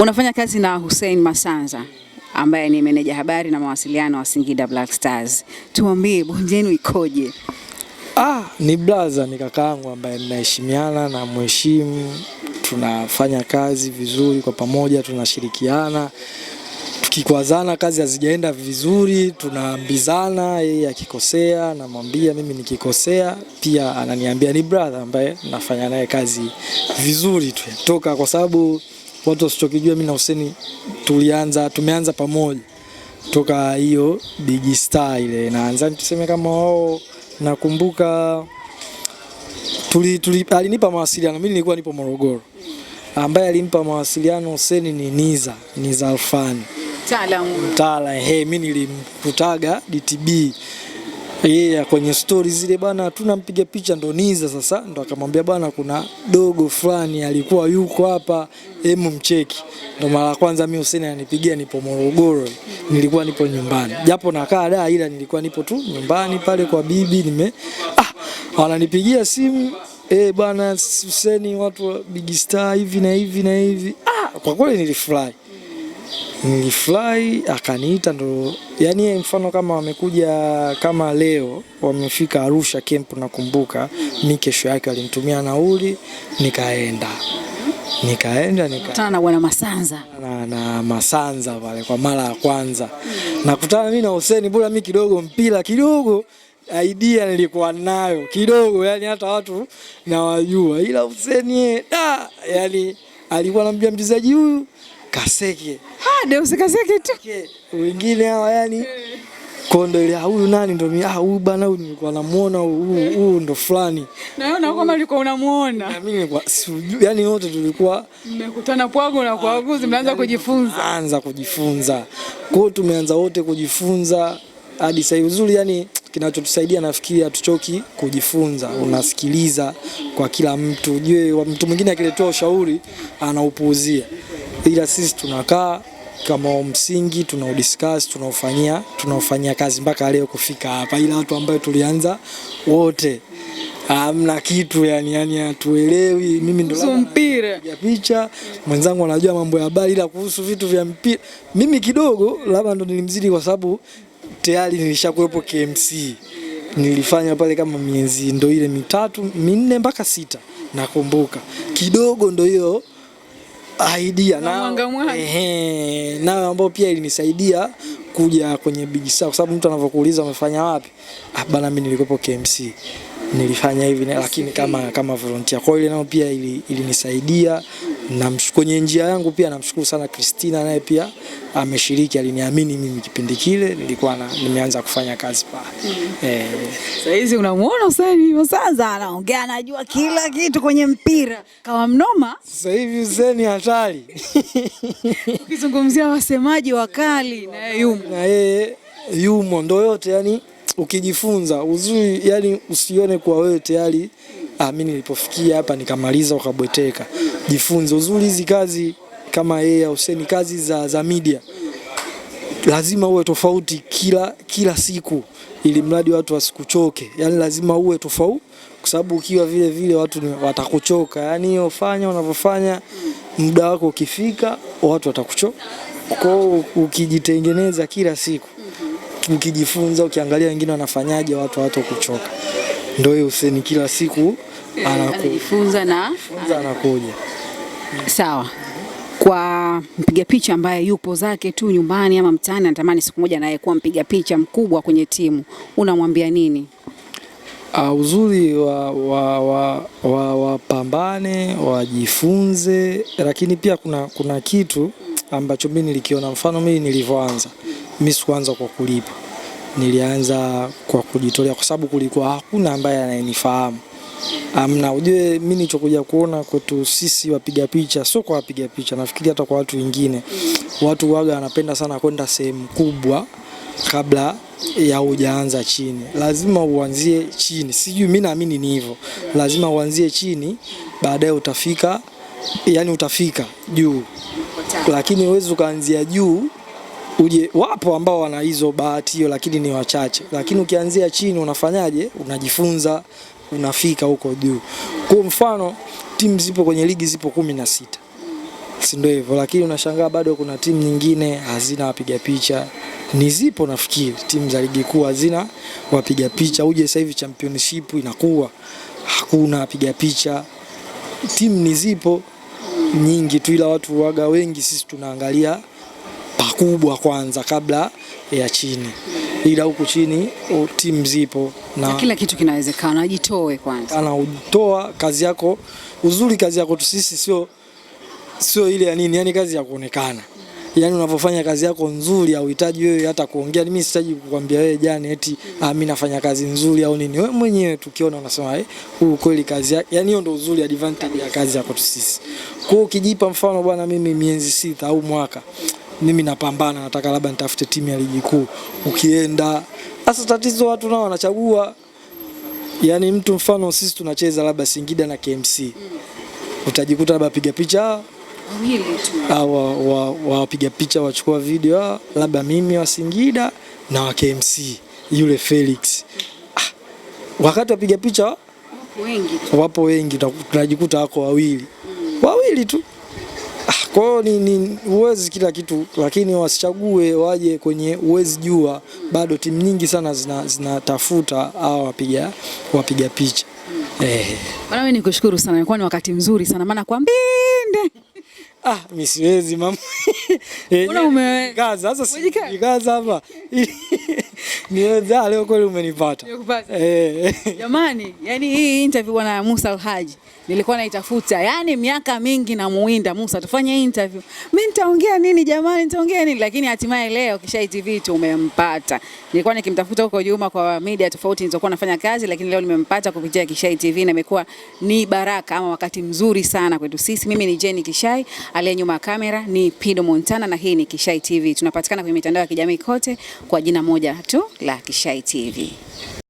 Unafanya kazi na Hussein Masanza ambaye ni meneja habari na mawasiliano wa Singida Black Stars. Tuambie bonge yenu ikoje? Ah, ni blaza, ni kakaangu ambaye ninaheshimiana na mheshimu, tunafanya kazi vizuri kwa pamoja, tunashirikiana tukikwazana kazi hazijaenda vizuri, tunaambizana. Yeye akikosea namwambia, mimi nikikosea pia ananiambia. Ni brother ambaye nafanya naye kazi vizuri tu toka, kwa sababu watu wasichokijua, mimi na Hussein tulianza, tumeanza pamoja toka hiyo Big ile inaanza, tuseme kama wao, nakumbuka tuli, tuli, alinipa mawasiliano mimi nilikuwa nipo Morogoro, ambaye alimpa mawasiliano Hussein ni Niza Niza Alfani mtaalamu mtaalamu, eh, mimi nilimkutaga DTB yeah, kwenye stori zile bana, tunampiga picha ndo Niza sasa ndo akamwambia bana, kuna dogo fulani alikuwa yuko hapa hemu mcheki. Ndo mara kwanza mimi Hussein ananipigia, nipo Morogoro, nilikuwa nipo nyumbani japo nakaa da, ila nilikuwa nipo tu nyumbani pale kwa bibi nime ah, ananipigia simu eh, bana Hussein, watu wa Big Star hivi na hivi na hivi. Ah, kwa kweli nilifurahi nilifurahi akaniita, ndo yani mfano kama wamekuja kama leo wamefika Arusha camp, nakumbuka mi kesho yake walinitumia nauli nikaenda nikaenda nikakutana na bwana Masanza na, na Masanza pale kwa mara ya kwanza nakutana mi na Hussein, bora mi kidogo mpira kidogo idea nilikuwa nayo kidogo, yani hata watu nawajua, ila Hussein da, yani alikuwa anambia mchezaji huyu Kaseke. Ha, Deus Kaseke tu. Wengine hawa yani kondo ile ah, huyu nani ndo mimi ah huyu bana huyu nilikuwa namuona huyu huyu ndo fulani. Na Naona kama ulikuwa unamuona. Na mimi nilikuwa yani wote tulikuwa mmekutana pwago na kwa waguzi mnaanza kujifunza. Anza kujifunza. Kwa hiyo tumeanza wote kujifunza hadi sasa uzuri yani kinachotusaidia nafikiri, hatuchoki kujifunza. Unasikiliza kwa kila mtu, ujue mtu mwingine akiletoa ushauri anaupuuzia ila sisi tunakaa kama msingi tunaudiscuss, tunaofanyia tunaofanyia kazi mpaka leo kufika hapa, ila watu ambao tulianza wote hamna kitu yani, yani hatuelewi. Mimi ndo mpira ya picha, mwenzangu anajua mambo ya habari, ila kuhusu vitu vya mpira mimi kidogo labda ndo nilimzidi, kwa sababu tayari nilishakuwepo KMC, nilifanya pale kama miezi ndo ile mitatu minne mpaka sita, nakumbuka kidogo ndo hiyo idea na ehe, nayo ambayo pia ilinisaidia kuja kwenye Big Star, kwa sababu mtu anavyokuuliza umefanya wapi, ah bana, mimi nilikuwepo KMC nilifanya hivi, lakini kama kama volunteer. Kwa hiyo ile nayo pia ilinisaidia ili kwenye njia yangu pia namshukuru sana Christina, naye pia ameshiriki, aliniamini mimi kipindi kile nilikuwa na, nimeanza kufanya kazi pa mm. Eh, sasa hizi unamuona Hussein hivi sasa anaongea, anajua kila kitu kwenye mpira kama mnoma. Sasa hivi Hussein hatari ukizungumzia wasemaji wakali na yeye yumo, na yeye yumo, ndo yote yani ukijifunza uzuri yani usione kwa wewe tayari. Ah, mimi nilipofikia hapa nikamaliza ukabweteka jifunze uzuri. Hizi kazi kama yeye au Hussein, kazi za, za media lazima uwe tofauti kila, kila siku, ili mradi watu wasikuchoke. Yani lazima uwe tofauti, kwa sababu ukiwa vile vile watu watakuchoka. Yani hiyo fanya unavyofanya, muda wako ukifika watu watakuchoka. Kwa hiyo ukijitengeneza kila siku, ukijifunza, ukiangalia wengine wanafanyaje, watu hawatakuchoka. Ndio hiyo Hussein, kila siku na anakuja sawa kwa mpiga picha ambaye yupo zake tu nyumbani ama mtaani, anatamani siku moja naye kuwa mpiga picha mkubwa kwenye timu, unamwambia nini? Uh, uzuri wa, wa, wa, wa, wapambane wajifunze, lakini pia kuna, kuna kitu ambacho mimi nilikiona. Mfano mimi nilivyoanza, mimi sikuanza kwa kulipa, nilianza kwa kujitolea, kwa sababu kulikuwa hakuna ambaye anayenifahamu Amna, ujue mimi nilichokuja kuona kwetu sisi wapiga picha, sio kwa wapiga picha, nafikiri hata kwa watu wengine, watu waga wanapenda sana kwenda sehemu kubwa kabla ya hujaanza chini. Lazima uanzie chini, sijui mimi naamini ni hivyo, lazima uanzie chini, baadaye utafika, yani utafika juu, lakini huwezi ukaanzia juu uje. Wapo ambao wana hizo bahati hiyo, lakini ni wachache. Lakini ukianzia chini, unafanyaje? Unajifunza, unafika huko juu. Kwa mfano, timu zipo kwenye ligi zipo kumi na sita, si ndio hivyo? Lakini unashangaa bado kuna timu nyingine hazina wapiga picha ni zipo nafikiri timu za ligi kuu hazina wapiga picha. Uje sasa hivi championship inakuwa hakuna wapiga picha, timu ni zipo nyingi tu, ila watu waga wengi sisi tunaangalia kubwa kwanza kabla ya chini, ila huku chini timu zipo na kila kitu kinawezekana. Jitoe kwanza, anajitoa kazi yako. Uzuri kazi yako tu sisi sio sio ile ya nini, yani kazi ya kuonekana yani unavyofanya kazi yako nzuri, hauhitaji wewe hata kuongea. Mimi sitaji kukwambia wewe jana eti ah, mimi nafanya kazi nzuri au nini. Wewe mwenyewe tukiona unasema eh, huu kweli kazi yake. yani hiyo ndio uzuri advantage ya kazi yako tu sisi. Kwa ukijipa mfano bwana, mimi miezi sita au mwaka mimi napambana, nataka labda nitafute timu ya ligi kuu. Ukienda sasa, tatizo watu nao wanachagua, yani mtu mfano sisi tunacheza labda Singida na KMC, utajikuta labda piga picha ah, wa, wa, wa picha wachukua video ah, labda mimi wa Singida na wa KMC yule Felix ah, wakati wapiga picha wapo wengi, wapo wengi tunajikuta wako wawili mm, wawili tu kwa hiyo ni, ni uwezi kila kitu, lakini wasichague waje kwenye uwezi jua. Bado timu nyingi sana zinatafuta zina hawa wapiga wapiga picha eh. Bwana nikushukuru sana, ilikuwa ni wakati mzuri sana maana kwa mbinde Ah, mimi siwezi mama. Mbona eh, umekaza sasa? Kaza hapa. Niweza leo kweli umenipata. Eh, eh. Jamani, yani hii interview bwana Musa Alhaji nilikuwa naitafuta. Yaani miaka mingi na muinda Musa tufanye interview. Mimi nitaongea nini jamani? Nitaongea nini? Lakini hatimaye leo Kisha TV tumempata. Nilikuwa nikimtafuta huko nyuma kwa media tofauti nilizokuwa nafanya kazi, lakini leo nimempata kupitia Kisha TV na imekuwa ni baraka ama wakati mzuri sana kwetu sisi. Mimi ni Jenny Kishai, aliye nyuma ya kamera ni Pido Montana na hii ni Kishai TV. Tunapatikana kwenye mitandao ya kijamii kote kwa jina moja tu la Kishai TV.